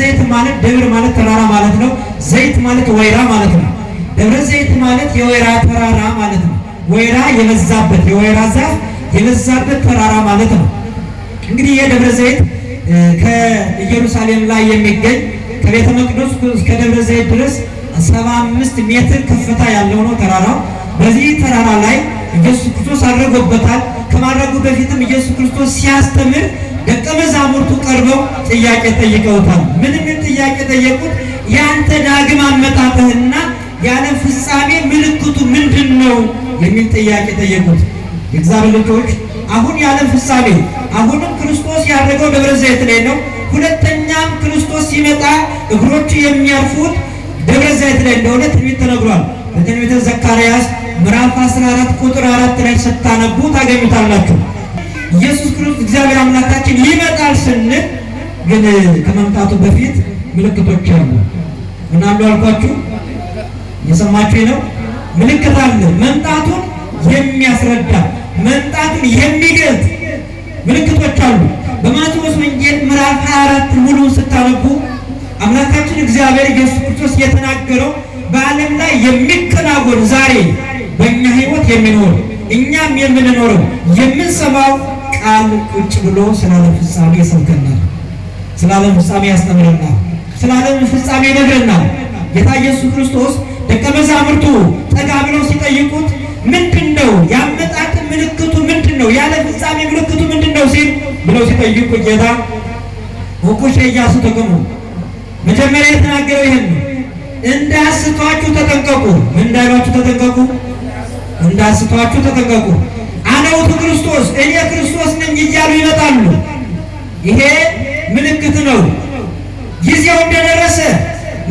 ዘይት ማለት ደብር ማለት ተራራ ማለት ነው። ዘይት ማለት ወይራ ማለት ነው። ደብረ ዘይት ማለት የወይራ ተራራ ማለት ነው። ወይራ የበዛበት የወይራ ዛፍ የበዛበት ተራራ ማለት ነው። እንግዲህ ይህ ደብረ ዘይት ከኢየሩሳሌም ላይ የሚገኝ ከቤተ መቅደስ እስከ ደብረ ዘይት ድረስ ሰባ ሜትር ከፍታ ያለው ነው ተራራው። በዚህ ተራራ ላይ ኢየሱስ ክርስቶስ አድርጎበታል። ከማድረጉ በፊትም ኢየሱስ ክርስቶስ ሲያስተምር ደቀ መዛሙርቱ ቀርበው ጥያቄ ጠይቀውታል። ምን ምን ጥያቄ ጠየቁት? የአንተ ዳግም አመጣጥህና የዓለም ፍጻሜ ምልክቱ ምንድን ነው የሚል ጥያቄ ጠየቁት። የእግዚአብሔር ልጆች አሁን የዓለም ፍጻሜ አሁንም ክርስቶስ ያደረገው ደብረ ዘይት ላይ ነው። ሁለተኛም ክርስቶስ ሲመጣ እግሮቹ የሚያርፉት ደብረ ዘይት ላይ እንደሆነ ትንቢት ተነግሯል። በትንቢተ ዘካርያስ ምዕራፍ 14 ቁጥር 4 ላይ ስታነቡ ታገኙታላችሁ። ኢየሱስ ክርስቶስ እግዚአብሔር አምላካችን ይመጣል ስንል ግን ከመምጣቱ በፊት ምልክቶች አሉ። ምን አሉ አልኳችሁ? እየሰማችሁ ነው። ምልክት አለ። መምጣቱን የሚያስረዳ መምጣቱን የሚገልጥ ምልክቶች አሉ። በማቴዎስ ወንጌል ምዕራፍ 24 ሙሉ ስታነቡ አምላካችን እግዚአብሔር ኢየሱስ ክርስቶስ የተናገረው በዓለም ላይ የሚከናወን ዛሬ በእኛ ሕይወት የሚኖር እኛም የምንኖረው የምንሰማው ቃል ቁጭ ብሎ ስለ ዓለም ፍጻሜ ይሰብከናል። ስለ ዓለም ፍጻሜ ያስተምረናል። ስለ ዓለም ፍጻሜ ይነግረናል። ጌታ ኢየሱስ ክርስቶስ ደቀ መዛሙርቱ ጠጋ ብለው ሲጠይቁት ምንድን ነው ያመጣጥ ምልክቱ ምንድን ነው ያለ ፍጻሜ ምልክቱ ምንድን ነው ሲል ብለው ሲጠይቁ ጌታ ወቁሽ ኢያሱ ተገሙ መጀመሪያ የተናገረው ይሄን ነው። እንዳስቷችሁ ተጠንቀቁ። ምን እንዳይሏችሁ ተጠንቀቁ። እንዳስቷችሁ ተጠንቀቁ አነውቱ ክርስቶስ እኔ ክርስቶስ ነኝ እያሉ ይመጣሉ። ይሄ ምልክት ነው። ጊዜው እንደደረሰ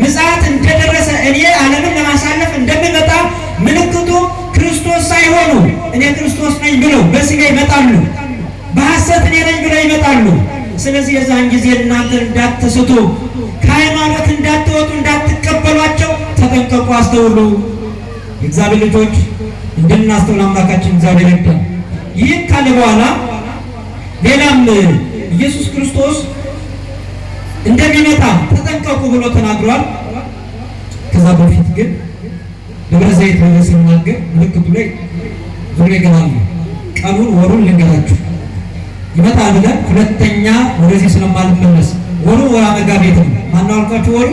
ምጽአት እንደደረሰ እኔ ዓለምን ለማሳለፍ እንደምመጣ ምልክቱ ክርስቶስ ሳይሆኑ እኔ ክርስቶስ ነኝ ብለው በስጋ ይመጣሉ፣ በሐሰት እኔ ነኝ ብለው ይመጣሉ። ስለዚህ የዛን ጊዜ እናንተ እንዳትስቱ፣ ከሃይማኖት እንዳትወጡ፣ እንዳትቀበሏቸው ተጠንቀቁ፣ አስተውሉ። እግዚአብሔር ልጆች እንድናስተውል አምላካችን እግዚአብሔር ይርዳል። ይህን ካለ በኋላ ሌላም ኢየሱስ ክርስቶስ እንደሚመጣ ተጠንቀቁ ብሎ ተናግሯል። ከዛ በፊት ግን ደብረ ዘይት ላይ ሲናገር ምልክቱ ላይ ዙሬ ገባሉ ቀኑን ወሩን ልንገራችሁ ይመጣ ብለ ሁለተኛ ወደዚህ ስለማልመለስ ወሩ ወራ መጋቢት ነው። ማነው አልኳችሁ? ወሩ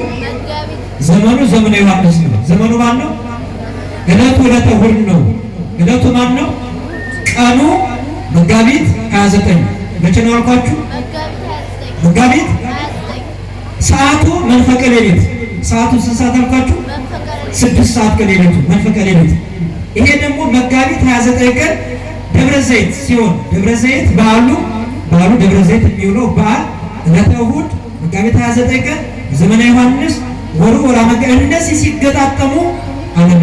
ዘመኑ ዘመነ ዮሐንስ ነው። ዘመኑ ማን ነው? እለቱ እለተ እሑድ ነው። እለቱ ማን ነው? ቀኑ መጋቢት 29 መቼ ነው አልኳችሁ? መጋቢት ሰዓቱ መንፈቀ ሌሊት ሰዓቱ ስንት ሰዓት አልኳችሁ? ስድስት ሰዓት ከሌሊቱ መንፈቀ ሌሊት። ይሄ ደግሞ መጋቢት 29 ቀን ደብረ ዘይት ሲሆን ደብረ ዘይት በዓሉ በዓሉ ደብረ ዘይት የሚውለው በዓል ዕለተ እሑድ መጋቢት 29 ቀን ዘመነ ዮሐንስ ወሩ ወራ መጋቢት እነዚህ ሲገጣጠሙ አለም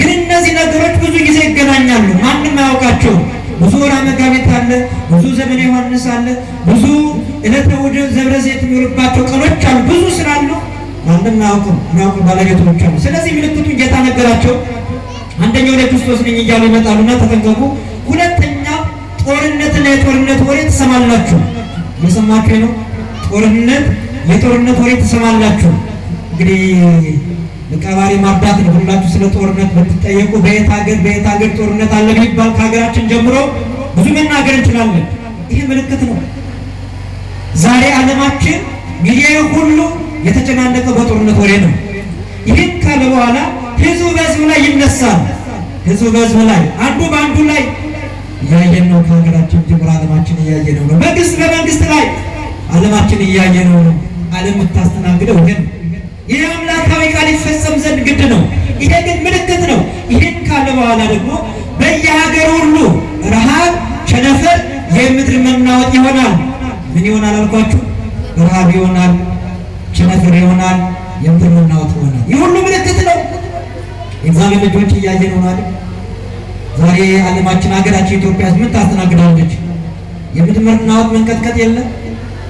ግን እነዚህ ነገሮች ብዙ ጊዜ ይገናኛሉ። ማንም አያውቃቸውም። ብዙ ወራ መጋቢት አለ፣ ብዙ ዘመነ ዮሐንስ አለ፣ ብዙ ዕለተ እሑድ ደብረ ዘይት የሚውልባቸው ቀኖች አሉ። ብዙ ስላሉ ማንም አያውቅም። እናውቅ ባለቤቱ ብቻ ነው። ስለዚህ ምልክቱን ጌታ ነገራቸው። አንደኛው ላይ ክርስቶስ ነኝ እያሉ ይመጣሉና ተጠንቀቁ። ሁለተኛ ጦርነትና የጦርነት ወሬ ትሰማላችሁ። የሰማችሁ ነው። ጦርነት የጦርነት ወሬ ትሰማላችሁ እንግዲህ ቀባሪ ማርዳት ነው። ሁላችሁ ስለ ጦርነት ብትጠየቁ በየት ሀገር በየት ሀገር ጦርነት አለ የሚባል ከሀገራችን ጀምሮ ብዙ መናገር እንችላለን። ይህ ምልክት ነው። ዛሬ ዓለማችን ሚዲያ ሁሉ የተጨናነቀ በጦርነት ወሬ ነው። ይህን ካለ በኋላ ህዝብ በህዝብ ላይ ይነሳል። ህዝቡ በህዝብ ላይ አንዱ በአንዱ ላይ እያየን ነው። ከሀገራችን ጀምሮ ዓለማችን እያየ ነው ነው መንግስት በመንግስት ላይ ዓለማችን እያየ ነው ነው ዓለም የምታስተናግደው ይሄ ነው። ይህ አምላካዊ ቃል ይፈጸም ዘንድ ግድ ነው። ይሄ ግን ምልክት ነው። ይህን ካለ በኋላ ደግሞ በየሀገሩ ሁሉ ረሃብ፣ ቸነፈር፣ የምድር መናወጥ ይሆናል። ምን ይሆናል አልኳችሁ? ረሃብ ይሆናል፣ ቸነፈር ይሆናል፣ የምድር መናወጥ ይሆናል። ይህ ሁሉ ምልክት ነው። የእግዚአብሔር ልጆች እያየን ሆናል። ዛሬ ዓለማችን ሀገራችን ኢትዮጵያ ምን ታስተናግዳለች? የምድር መናወጥ መንቀጥቀጥ የለም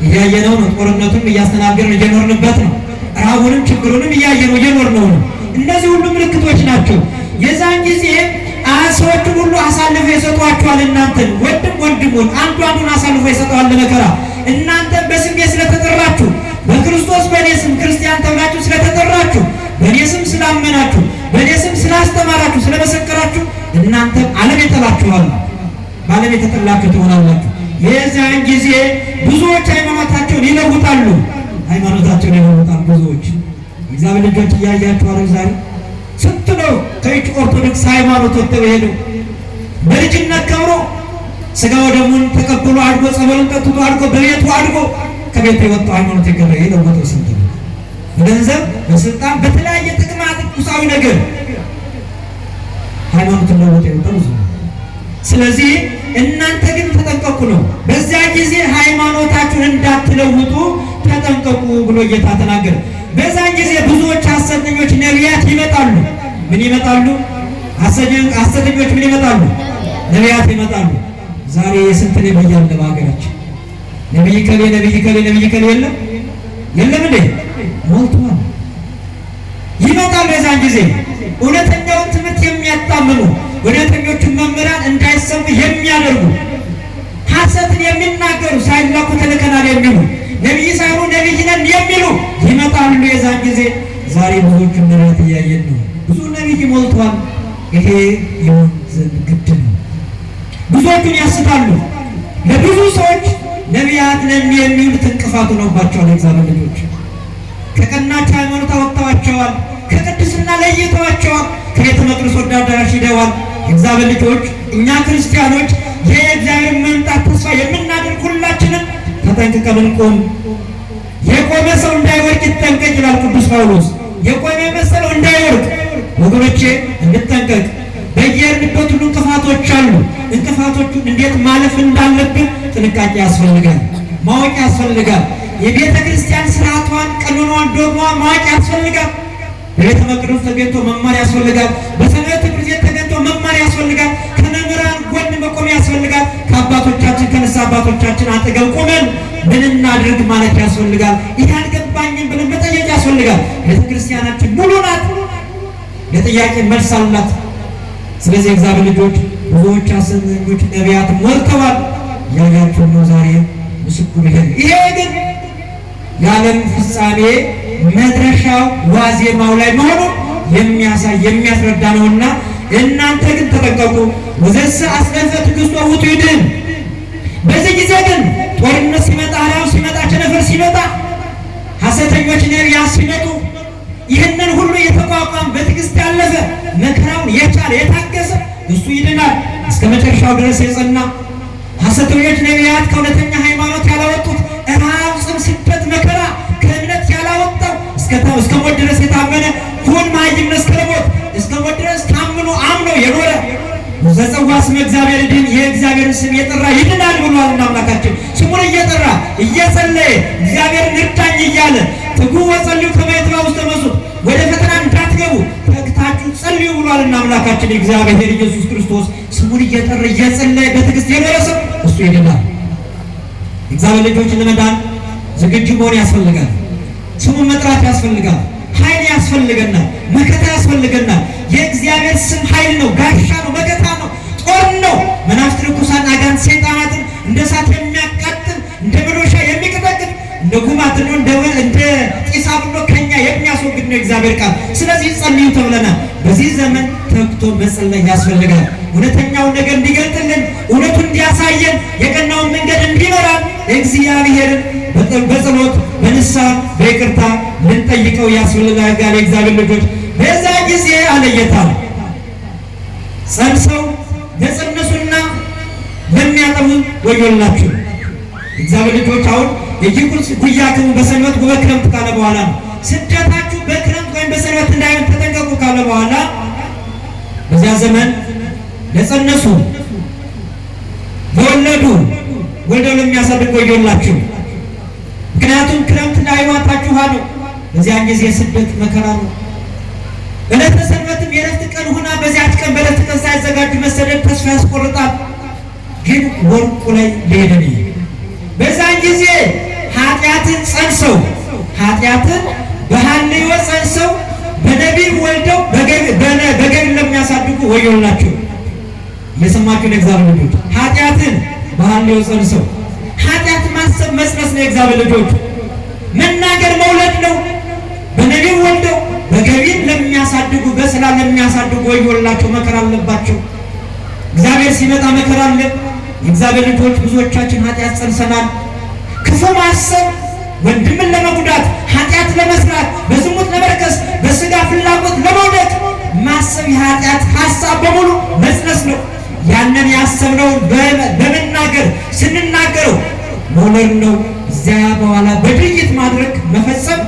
እያየነው ነው። ጦርነቱም እያስተናገርን እየኖርንበት ነው። ረሃቡንም ችግሩንም እያየ ነው እየኖር ነው። እነዚህ ሁሉ ምልክቶች ናቸው። የዛን ጊዜ ሰዎቹን ሁሉ አሳልፎ የሰጧቸዋል። እናንተን ወንድም ወንድሙን አንዱ አንዱን አሳልፎ የሰጠዋል ለመከራ። እናንተን በስሜ ስለተጠራችሁ በክርስቶስ በእኔ ስም ክርስቲያን ተብላችሁ ስለተጠራችሁ በእኔ ስም ስላመናችሁ በእኔ ስም ስላስተማራችሁ ስለመሰከራችሁ እናንተ ዓለም የተላችኋል ባለም የተጠላችሁ ትሆናላችሁ። የዚያን ጊዜ ብዙዎች ሃይማኖታቸውን ይለውጣሉ። ሃይማኖታቸውን ያለወጣል። ብዙዎች እግዚአብሔር ልጆች እያያቸዋለ ዛሬ ስንት ነው ከይጭ ኦርቶዶክስ ሃይማኖት ወጥተው የሄደው በልጅነት ከብሮ ስጋ ወደሙን ተቀብሎ አድጎ ጸበሉን ጠጥቶ አድጎ በቤቱ አድጎ ከቤቱ የወጣው ሃይማኖት የገረ የለወጠው ስንት ነው? በገንዘብ በስልጣን በተለያየ ጥቅማ ቁሳዊ ነገር ሃይማኖትን ለወጠ የወጣ ብዙ ነው። ስለዚህ እናንተ ግን ተጠንቀቁ ነው። በዚያ ጊዜ ሃይማኖታችሁን እንዳትለውጡ ተጠንቀቁ ብሎ ጌታ ተናገረ። በዛ ጊዜ ብዙዎች ሐሰተኞች ነቢያት ይመጣሉ። ምን ይመጣሉ? ሐሰተኞች ምን ይመጣሉ? ነቢያት ይመጣሉ። ዛሬ የስንት ነቢይ አለ በሀገራችን? ነቢይ ከሌ ነቢይ ከሌ ነቢይ ከሌ የለም የለም እንዴ ሞልቷል። ይመጣሉ። የዛን ጊዜ እውነተኛውን ትምህርት የሚያጣምኑ እውነተኞቹን መምህራን እንዳይሰሙ የሚያደርጉ ሐሰትን የሚናገሩ ሳይላኩ ተልከናል የሚሉ ነቢይ ሳይሆኑ ነቢይ ነን የሚሉ ይመጣሉ። የዛን ጊዜ ዛሬ ብዙዎቹ ምረት እያየን ነው። ብዙ ነቢይ ሞልቷል። ይሄ ይሁን ዘንድ ግድ ነው። ብዙዎቹን ያስታሉ። ለብዙ ሰዎች ነቢያት ነን የሚሉት እንቅፋት ሆኖባቸዋል። የእግዚአብሔር ልጆች ከቀናች ሃይማኖት አወጥተዋቸዋል። ከቅድስና ለይተዋቸዋል። ከቤተ መቅደስ ወደ አዳራሽ ሂደዋል። የእግዚአብሔር ልጆች እኛ ክርስቲያኖች የእግዚአብሔር መምጣት ተስፋ የምናደርግ ሁላችንም ተጠንቅቀን እንቆም። የቆመ ሰው እንዳይወድቅ ይጠንቀቅ ይላል ቅዱስ ጳውሎስ። የቆመ መሰለው እንዳይወድቅ ወገኖቼ እንጠንቀቅ። በየሄድንበት ሁሉ እንቅፋቶች አሉ። እንቅፋቶቹን እንዴት ማለፍ እንዳለብን ጥንቃቄ ያስፈልጋል፣ ማወቅ ያስፈልጋል። የቤተ ክርስቲያን ስርዓቷን፣ ቀኖኗን፣ ዶግማ ማወቅ ያስፈልጋል። በቤተ መቅደስ ተገኝቶ መማር ያስፈልጋል። መማር ያስፈልጋል። ከመምህራን ጎን መቆም ያስፈልጋል። ከአባቶቻችን ከነሳ አባቶቻችን አጠገብ ቆመን ምን እናድርግ ማለት ያስፈልጋል። ይህ አልገባኝም ብለን መጠየቅ ያስፈልጋል። ቤተክርስቲያናችን ሙሉ ናት፣ ለጥያቄ መልስ አላት። ስለዚህ እግዚአብሔር ልጆች ብዙዎች አሰኞች፣ ነቢያት ሞልተዋል። ያያቸው ነው ዛሬ ምስክሩ ይሄ ግን የዓለም ፍጻሜ መድረሻው ዋዜማው ላይ መሆኑን የሚያሳይ የሚያስረዳ ነውና እናንተ ግን ተጠቀቁ። ወዘሰ አስቀፈ ትዕግሥቶ ውእቱ ይድን። በዚህ ጊዜ ግን ጦርነት ሲመጣ፣ ራብ ሲመጣ፣ ቸነፈር ሲመጣ፣ ሐሰተኞች ነቢያት ሲመጡ ይህንን ሁሉ የተቋቋም በትግስት ያለፈ መከራውን የቻለ የታገሰ እሱ ይድናል። እስከ መጨረሻው ድረስ የጸና ሐሰተኞች ነቢያት ከእውነተኛ ሃይማኖት ያላወጡት ረሃብ፣ ጽም፣ ስደት፣ መከራ ከእምነት ያላወጣው እስከ ሞት ድረስ የታመነ ሁን ማይምነስ ከሞት እስከ ሞት ድረስ ብሎ አምኖ የኖረ ዘጸዋ ስም እግዚአብሔር ድን የእግዚአብሔርን ስም የጠራ ይድናል ብሏልና አምላካችን ስሙን እየጠራ እየጸለየ እግዚአብሔርን እርዳኝ እያለ ትጉ ወጸልዩ ከመ ይትባኡ ውስተ መሱት ወደ ፈተና እንዳትገቡ ተግታችሁ ጸልዩ ብሏልና አምላካችን እግዚአብሔር ኢየሱስ ክርስቶስ ስሙን እየጠራ እየጸለየ በትዕግስት የኖረ ሰው እሱ ይድናል። እግዚአብሔር ልጆችን ለመዳን ዝግጁ መሆን ያስፈልጋል። ስሙን መጥራት ያስፈልጋል። ኃይል ያስፈልገናል፣ መከታ ያስፈልገናል። የእግዚአብሔር ስም ኃይል ነው፣ ጋሻ ነው፣ መከታ ነው፣ ጦር ነው። መናፍስት፣ ርኩሳን፣ አጋንንት፣ ሰይጣናትን እንደ እሳት የሚያቃጥል እንደ መዶሻ የሚቀጠቅጥ እንደ ጉማት ነው፣ እንደ ጢስ አብርዶ ከኛ የሚያስወግድ ነው የእግዚአብሔር ቃል። ስለዚህ ጸልዩ ተብለናል። በዚህ ዘመን ተግቶ መጸለይ ያስፈልጋል። እውነተኛውን ነገር እንዲገልጥልን፣ እውነቱን እንዲያሳየን፣ የቀናውን መንገድ እንዲመራን እግዚአብሔርን በጸሎት በንሳ በይቅርታ ልንጠይቀው ያስፈልጋል። የእግዚአብሔር ልጆች በዛ ጊዜ አለየታል ጸንሰው ለጸነሱና ለሚያጠቡ ወዮላችሁ። እግዚአብሔር ልጆች አሁን የጂቁስ ጉያክሙ በሰንበት በክረምት ካለ በኋላ ነው ስደታችሁ በክረምት ወይም በሰንበት እንዳይሆን ተጠንቀቁ ካለ በኋላ በዚያ ዘመን ለጸነሱ ለወለዱ ወልደው ለሚያሳድግ ወዮላችሁ ምክንያቱም ክረምት እንዳይዋጣችሁ አሉ። በዚያን ጊዜ ስደት መከራ ነው። ዕለተ ሰንበትም የዕረፍት ቀን ሆና በዚያች ቀን በዕለተ ቀን ሳይዘጋጁ መሰደድ ተስፋ ያስቆርጣል። ግን ወርቁ ላይ ሊሄድን በዛን ጊዜ ኃጢአትን ጸንሰው ኃጢአትን በሐልዮ ጸንሰው በነቢብ ወልደው በገቢ ለሚያሳድጉ ወዮላቸው። የሰማችሁ ለእግዚአብሔር ልጆች ኃጢአትን በሐልዮ ጸንሰው ማሰብ መስመስ ነው። የእግዚአብሔር ልጆች መናገር መውለድ ነው። በነቢብ ወልደው በገቢር ለሚያሳድጉ በስላ ለሚያሳድጉ ወዮላቸው፣ መከራ አለባቸው። እግዚአብሔር ሲመጣ መከራ አለ። የእግዚአብሔር ልጆች ብዙዎቻችን ኃጢአት ጸንሰናል። ክፉ ማሰብ ወንድምን ለመጉዳት ኃጢአት ለመስራት በዝሙት ለመርከስ በስጋ ፍላጎት ለመውደቅ ማሰብ የኃጢአት ሀሳብ በሙሉ መጽነስ ነው። ያንን ያሰብነውን በመናገር ስንናገረው መውለድ ነው። እዚያ በኋላ በድርጊት ማድረግ መፈጸም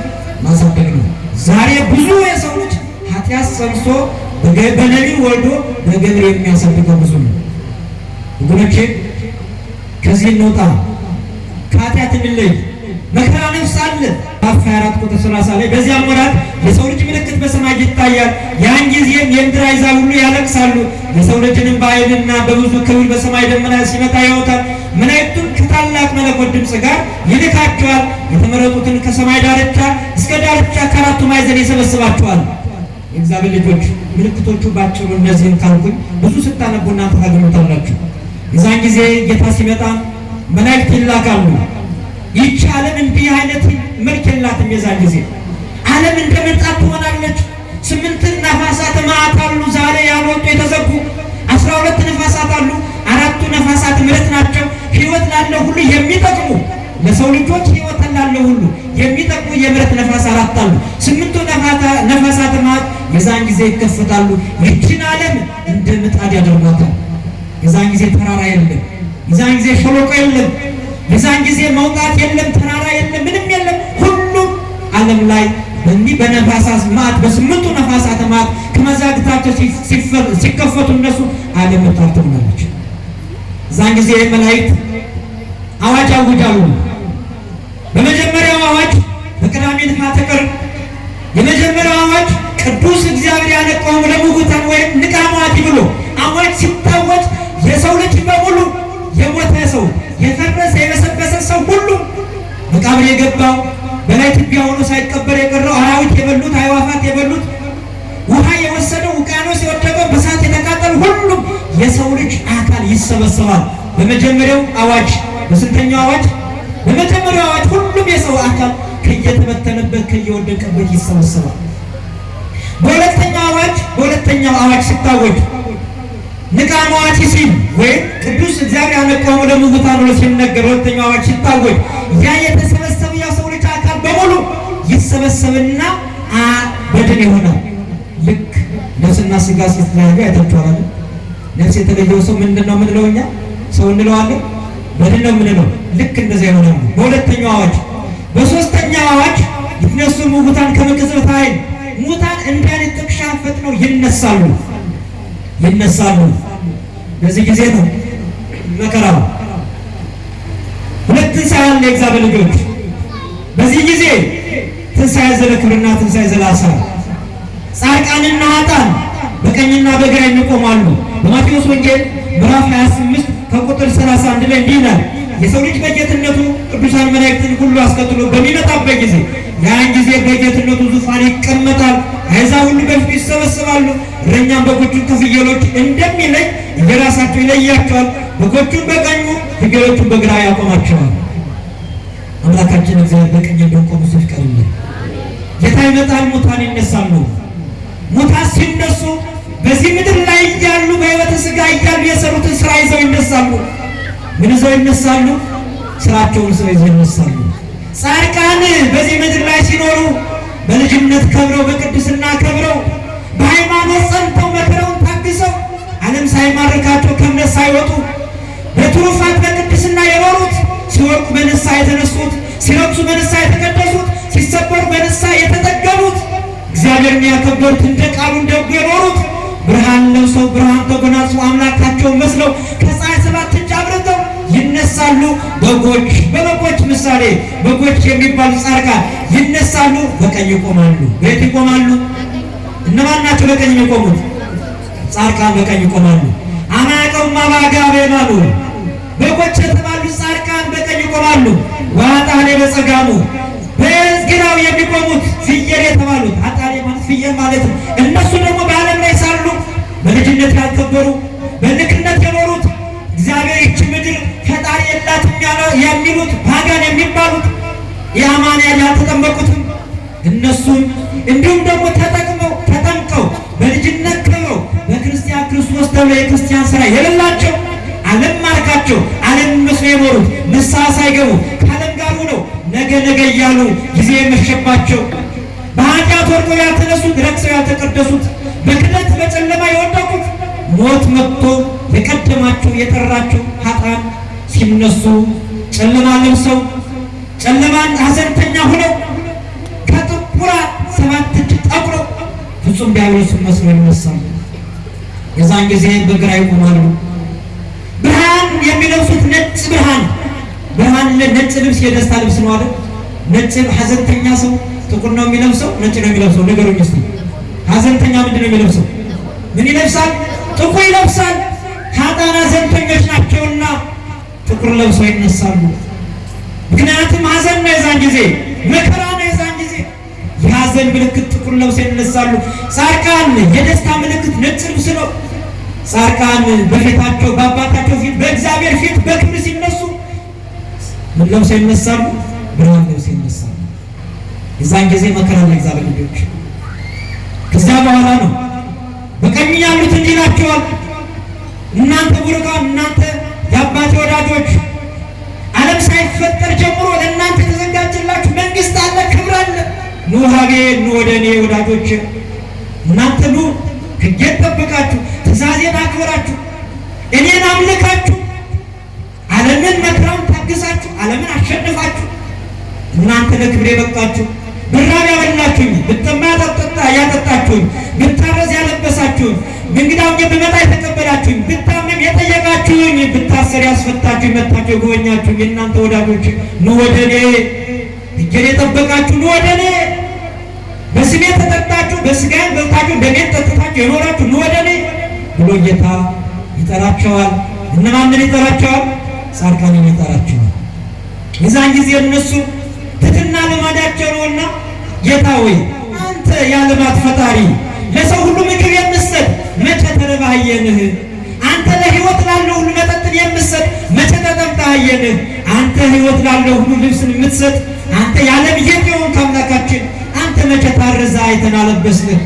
ማሳደግ ነው። ዛሬ ብዙ የሰው ልጅ ኃጢአት ጸንሶ በሌሊት ወልዶ በገብር የሚያሳድገው ብዙ ነው። ወገኖቼ ከዚህ እንውጣ፣ ከኃጢአት እንለይ። መከራ ነፍስ አለ። አፍ 24 ቁጥር 30 ላይ በዚያም ወራት የሰው ልጅ ምልክት በሰማይ ይታያል፣ ያን ጊዜም የምድር አሕዛብ ሁሉ ያለቅሳሉ፣ የሰው ልጅንም በኃይልና በብዙ ክብር በሰማይ ደመና ሲመጣ ያወጣል መላእክቱን ከታላቅ መለኮት ድምፅ ጋር ይልካቸዋል። የተመረጡትን ከሰማይ ዳርቻ እስከ ዳርቻ ከአራቱ ማዕዘን ይሰበስባቸዋል። የእግዚአብሔር ልጆች ምልክቶቹ ባጭሩ እነዚህን ካልኩኝ ብዙ ስታነቡና ታገኙታላችሁ። የዛን ጊዜ ጌታ ሲመጣ መላእክት ይላካሉ። ይቺ ዓለም እንዲህ አይነት መልክ የላትም። የዛን ጊዜ ዓለም እንደመጣት ትሆናለች። ስምንት ነፋሳት መዓት አሉ፣ ዛሬ ያልወጡ የተዘጉ አስራ ሁለት ነፋሳት አሉ። አራቱ ነፋሳት ምረት ናቸው። ህይወት ላለው ሁሉ የሚጠቅሙ ለሰው ልጆች ህይወት ላለው ሁሉ የሚጠቅሙ የብረት ነፋስ አራት አሉ። ስምንቱ ነፋሳት ማለት የዛን ጊዜ ይከፈታሉ። ይችን ዓለም እንደ ምጣድ ያደርጓታል። የዛን ጊዜ ተራራ የለም፣ የዛን ጊዜ ሸለቆ የለም፣ የዛን ጊዜ መውጣት የለም፣ ተራራ የለም፣ ምንም የለም። ሁሉም ዓለም ላይ በእኒህ በነፋሳት ማት በስምንቱ ነፋሳት ማት ከመዛግታቸው ሲከፈቱ እነሱ ዓለም ምጣድ እዛን ጊዜ መላእክት አዋጅ ያውጃሉ። በመጀመሪያው አዋጅ በቅዳሜ ንፋተ ቀን የመጀመሪያው አዋጅ ቅዱስ እግዚአብሔር ያነቀውም ለሙጉታን ወይም ንቃማት ብሎ አዋጅ ሲታወጅ የሰው ልጅ በሙሉ የሞተ ሰው፣ የፈረሰ የበሰበሰ ሰው ሁሉ መቃብር የገባው በላይ ትቢያ ሆኖ ሳይቀበር የቀረው አራዊት የበሉት፣ አዕዋፋት የበሉት ውሃ የወሰደው ውቅያኖስ የወደቀው በሳት የተቃጠል ሁሉም የሰው ልጅ አካል ይሰበሰባል። በመጀመሪያው አዋጅ በስንተኛው አዋጅ? በመጀመሪያው አዋጅ ሁሉም የሰው አካል ከየተበተነበት ከየወደቀበት ይሰበሰባል። በሁለተኛው አዋጅ በሁለተኛው አዋጅ ሲታወጅ ንቃማዋቲ ሲል ወይም ቅዱስ እግዚአብሔር አነቃው ለሙታን ብሎ ሲነገር ሁለተኛው አዋጅ ሲታወጅ ያ የተሰበሰበ ሰው ልጅ አካል በሙሉ ይሰበሰብና በድን ይሆናል። ልክ ነፍስና ስጋ ሲተለያዩ አይታችኋል። ነፍስ የተለየው ሰው ምንድን ነው የምንለው እኛ? ሰው እንለዋለን፣ በድን ነው የምንለው። ልክ እንደዚያ ይሆናሉ በሁለተኛው አዋጅ። በሶስተኛው አዋጅ ይነሱ ሙታን ከመቅጽበት ኃይል ሙታን እንደ አይነት ጥቅሻ ፈጥነው ይነሳሉ ይነሳሉ። በዚህ ጊዜ ነው መከራው። ሁለት ትንሣኤ አለ የእግዚአብሔር ልጆች። በዚህ ጊዜ ትንሣኤ ዘለክብርና ትንሣኤ ዘላሳ ጻድቃንና ኃጥአን በቀኝና በግራ ይቆማሉ። በማቴዎስ ወንጌል ምዕራፍ 28 ከቁጥር 31 ላይ እንዲህ ይላል፣ የሰው ልጅ በጌትነቱ ቅዱሳን መላእክትን ሁሉ አስከትሎ በሚመጣበት ጊዜ ያን ጊዜ በጌትነቱ ዙፋን ይቀመጣል። አሕዛብ ሁሉ በፊቱ ይሰበሰባሉ። እረኛም በጎቹን ከፍየሎች እንደሚለይ እየራሳቸው ይለያቸዋል። በጎቹን በቀኙ ፍየሎቹን በግራ ያቆማቸዋል። አምላካችን እግዚአብሔር በቀኝ እንደቆሙ ሲፍቀርልን ጌታ ይመጣል፣ ሙታን ይነሳሉ። ሙታን ሲነሱ በዚህ ምድር ላይ እያሉ በህይወት ስጋ እያሉ የሰሩትን ስራ ይዘው ይነሳሉ። ምን ይዘው ይነሳሉ? ስራቸውን ሰው ይዘው ይነሳሉ። ጻድቃን በዚህ ምድር ላይ ሲኖሩ በልጅነት ከብረው በቅድስና ከብረው በሃይማኖት ጸንተው መከረውን ታግሰው ዓለም ሳይማርካቸው ከእምነት ሳይወጡ በትሩፋት በቅድስና የኖሩት ሲወርቁ በንሳ የተነሱት ሲለብሱ በንሳ የተቀደሱት ሲሰበሩ በንሳ የተጠገሙት እግዚአብሔርን ያከበሩት እንደ ቃሉ እንደጉ የኖሩት ብርሃን ለብሰው ብርሃን ተጎናጽፈው አምላካቸውን መስለው ከፀሐይ ሰባት እጅ አብርተው ይነሳሉ። በጎች በበጎች ምሳሌ በጎች የሚባሉ ጻድቃን ይነሳሉ፣ በቀኝ ይቆማሉ። በየት ይቆማሉ? እነማን ናቸው በቀኝ የሚቆሙት? ጻድቃን በቀኝ ይቆማሉ። አናቀውማ ባጋቤ ማሉ በጎች የተባሉ ጻድቃን በቀኝ ይቆማሉ። ዋጣኔ በጸጋሙ በግራው የሚቆሙት ፍየል የተባሉት ፍየል ማለት ነው። እነሱ ደግሞ በዓለም ላይ ሳሉ በልጅነት ያልከበሩ በንክነት የኖሩት እግዚአብሔር ይቺ ምድር ፈጣሪ የላትም የሚሉት ፓጋን የሚባሉት የአማንያን ያልተጠመቁትም እነሱም እንዲሁም ደግሞ ተጠቅመው ተጠምቀው በልጅነት ክበው በክርስቲያን ክርስቶስ ተብሎ የክርስቲያን ስራ የሌላቸው ዓለም ማርካቸው ዓለም መስሎ የኖሩት ንስሐ ሳይገቡ ከዓለም ጋር ሆነው ነገ ነገ እያሉ ጊዜ የመሸባቸው በኃጢአት ወድቆ ያልተነሱ ረክሰው ያልተቀደሱት በክደት በጨለማ የወደቁት ሞት መጥቶ የቀደማቸው የጠራቸው ኃጥአን ሲነሱ ጨለማ ለብሰው ጨለማን ሀዘንተኛ ሆነው ከጥቁራ ሰባት እጅ ጠቁሮ ፍጹም ዲያብሎስን መስሎ ይነሳሉ። የዛን ጊዜ በግራ ይቆማሉ። ብርሃን የሚለብሱት ነጭ ብርሃን ብርሃን ነጭ ልብስ የደስታ ልብስ ነው አይደል? ነጭ ሀዘንተኛ ሰው ጥቁር ነው የሚለብሰው? ነጭ ነው የሚለብሰው? ንገሩኝ እስኪ። ሀዘንተኛ ምንድን ነው የሚለብሰው? ምን ይለብሳል? ጥቁር ይለብሳል። ሀጣን ሀዘንተኞች ናቸውና ጥቁር ለብሰው ይነሳሉ። ምክንያቱም ሀዘን ነው የዛን ጊዜ፣ መከራ ነው የዛን ጊዜ። የሀዘን ምልክት ጥቁር ለብሰው ይነሳሉ። ጻድቃን የደስታ ምልክት ነጭ ልብስ ነው። ጻድቃን በፊታቸው በአባታቸው ፊት በእግዚአብሔር ፊት በክብር ሲነሱ ምን ለብሰው ይነሳሉ? ብርሃን ለብሰው ይነሳሉ። የዛን ጊዜ መከራ ነው የእግዚአብሔር ልጆች። ከዛ በኋላ ነው በቀኝ ያሉት እንዲህ ይላቸዋል፣ እናንተ ቡሩካን፣ እናንተ የአባቴ ወዳጆች፣ ዓለም ሳይፈጠር ጀምሮ ለእናንተ የተዘጋጀላችሁ መንግስት አለ፣ ክብር አለ። ኑ ሀቤ ኑ ወደ እኔ ወዳጆች፣ እናንተ ኑ ሕጌን ጠብቃችሁ ትእዛዜን አክብራችሁ እኔን አምልካችሁ ዓለምን መከራውን ታግሳችሁ ዓለምን አሸንፋችሁ እናንተ ለክብሬ በቃችሁ። ብራብ ያበላችሁኝ፣ ብጠማ ያጠጣችሁኝ፣ ብታረዝ ያለበሳችሁኝ፣ በእንግዳ ሆኜ ብመጣ የተቀበላችሁኝ፣ ብታመም የጠየቃችሁኝ፣ ብታሰር ያስፈታችሁኝ፣ መጥታችሁ የጎበኛችሁኝ የእናንተ ወዳጆች ኑ ወደ እኔ፣ እጄን የጠበቃችሁ ኑ ወደ እኔ፣ በስሜ ተጠጣችሁ፣ በስጋዬ በልታችሁ፣ በእኔም ጠጥታችሁ የኖራችሁ ኑ ወደ እኔ ብሎ ጌታ ይጠራቸዋል። እነማንን ይጠራቸዋል? ጻድቃንን ይጠራቸዋል። የዛን ጊዜ እነሱ ትህትና ልማዳቸው ነውና፣ ጌታ ወይ አንተ የዓለማት ፈጣሪ ለሰው ሁሉ ምግብ የምትሰጥ መቼ ተርበህ አየንህ? አንተ ለህይወት ላለው ሁሉ መጠጥን የምትሰጥ መቼ ተጠምተህ አየንህ? አንተ ህይወት ላለው ሁሉ ልብስን የምትሰጥ አንተ የዓለም ሕይወት የሆንክ አምላካችን አንተ መቼ ታርዘህ አይተን አለበስንህ?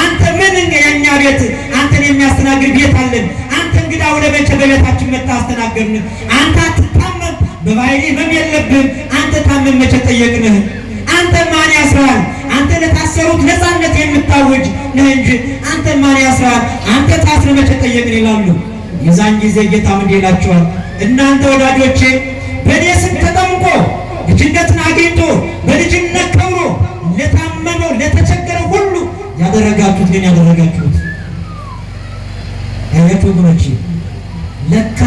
አንተ ምን የእኛ ቤት አንተን የሚያስተናግድ ቤት አለን? አንተ እንግዳ ወደ መቼ በቤታችን መታስተናገድን አንተ በባህሪ ህመም የለብህም። አንተ ታመን መቼ ጠየቅንህ? አንተ ማን ያስራል? አንተ ለታሰሩት ነፃነት የምታወጅ ነህ እንጂ አንተ ማን ያስራል? አንተ ታስረ መቼ ጠየቅን ይላሉ። የዛን ጊዜ ጌታ ምንድን ይላቸዋል? እናንተ ወዳጆቼ በእኔ ስም ተጠምቆ ልጅነትን አግኝቶ በልጅነት ከብሮ ለታመነው ለተቸገረ ሁሉ ያደረጋችሁት ግን ያደረጋችሁት ያያችሁ ወገኖቼ ለካ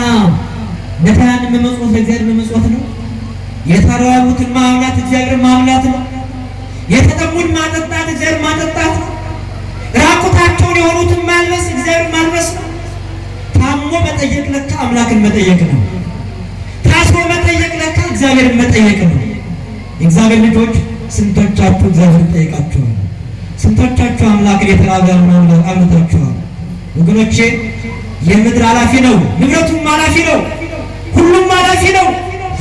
ነታን በመጽወት ለእግዚአብሔር በመጽወት ነው። የተራቡትን ማብላት እግዚአብሔር ማብላት ነው። የተጠሙን ማጠጣት እግዚአብሔር ማጠጣት ነው። ራቁታቸውን የሆኑትን ማልበስ እግዚአብሔር ማልበስ ነው። ታሞ መጠየቅ ለካ አምላክን መጠየቅ ነው። ታስሮ መጠየቅ ለካ እግዚአብሔርን መጠየቅ ነው። የእግዚአብሔር ልጆች ስንቶቻችሁ እግዚአብሔርን ጠይቃችኋል? ስንቶቻችሁ አምላክን የተራበ አምልታችኋል? ወገኖቼ የምድር ኃላፊ ነው፣ ንብረቱም ኃላፊ ነው። ወዳጅ ነው።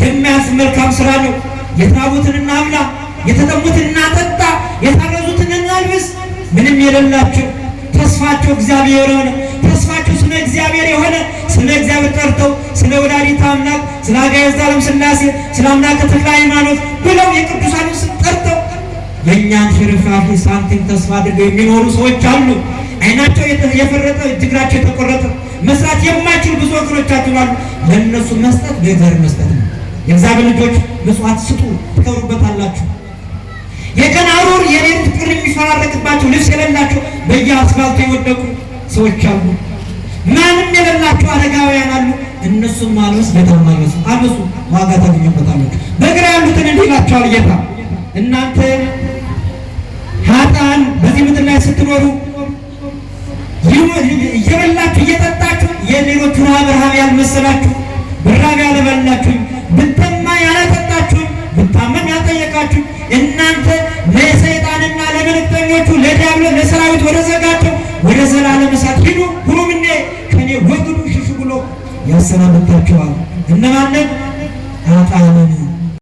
የሚያዝ መልካም ስራ ነው። የተራቡትን እናብላ፣ የተጠሙትን እናጠጣ፣ የታረዙትን እናልብስ። ምንም የሌላቸው ተስፋቸው እግዚአብሔር የሆነ ተስፋቸው ስለ እግዚአብሔር የሆነ ስለ እግዚአብሔር ጠርተው ስለ ወላዲተ አምላክ ስለ አጋዕዝተ ዓለም ሥላሴ ስለ አምላከ ተክለ ሃይማኖት ብለው የቅዱሳን ስም ጠርተው የእኛን ሽርፍራፊ ሳንቲም ተስፋ አድርገው የሚኖሩ ሰዎች አሉ። አይናቸው የፈረጠ እጅግራቸው የተቆረጠ መስራት የማይችሉ ብዙ ወገኖቻችን አሉ። ለእነሱ መስጠት በእግዚአብሔር መስጠት ነው። የእግዚአብሔር ልጆች ምጽዋት ስጡ፣ ትከብሩበታላችሁ። የቀን ሐሩር የሌሊት ቅር የሚፈራረቅባቸው ልብስ የሌላቸው በየአስፋልቱ የወደቁ ሰዎች አሉ። ማንም የሌላቸው አረጋውያን አሉ። እነሱም ማልበስ በጣም ማልበስ አበሱ ዋጋ ታገኙበታላችሁ። በግራ ያሉትን እንዲህ ይላቸዋል ጌታ እናንተ ሀጣን በዚህ ምድር ላይ ስትኖሩ እየበላችሁ እየጠጣችሁ የሌሎቹ ረሃብ ያልመሰላችሁ ብራብ ያለበላችሁኝ ብጠማ ያለጠጣችሁኝ ብታመም ያልጠየቃችሁኝ እናንተ ለሰይጣንና ለመልእክተኞቹ ለዲያብሎ ለሰራዊት ወደ ዘጋቸው ወደ ዘላለም እሳት ሂዱ ሁሉ ከኔ ወግዱ ሽሹ ብሎ ያሰናበታችኋል። እነማንን አጣንን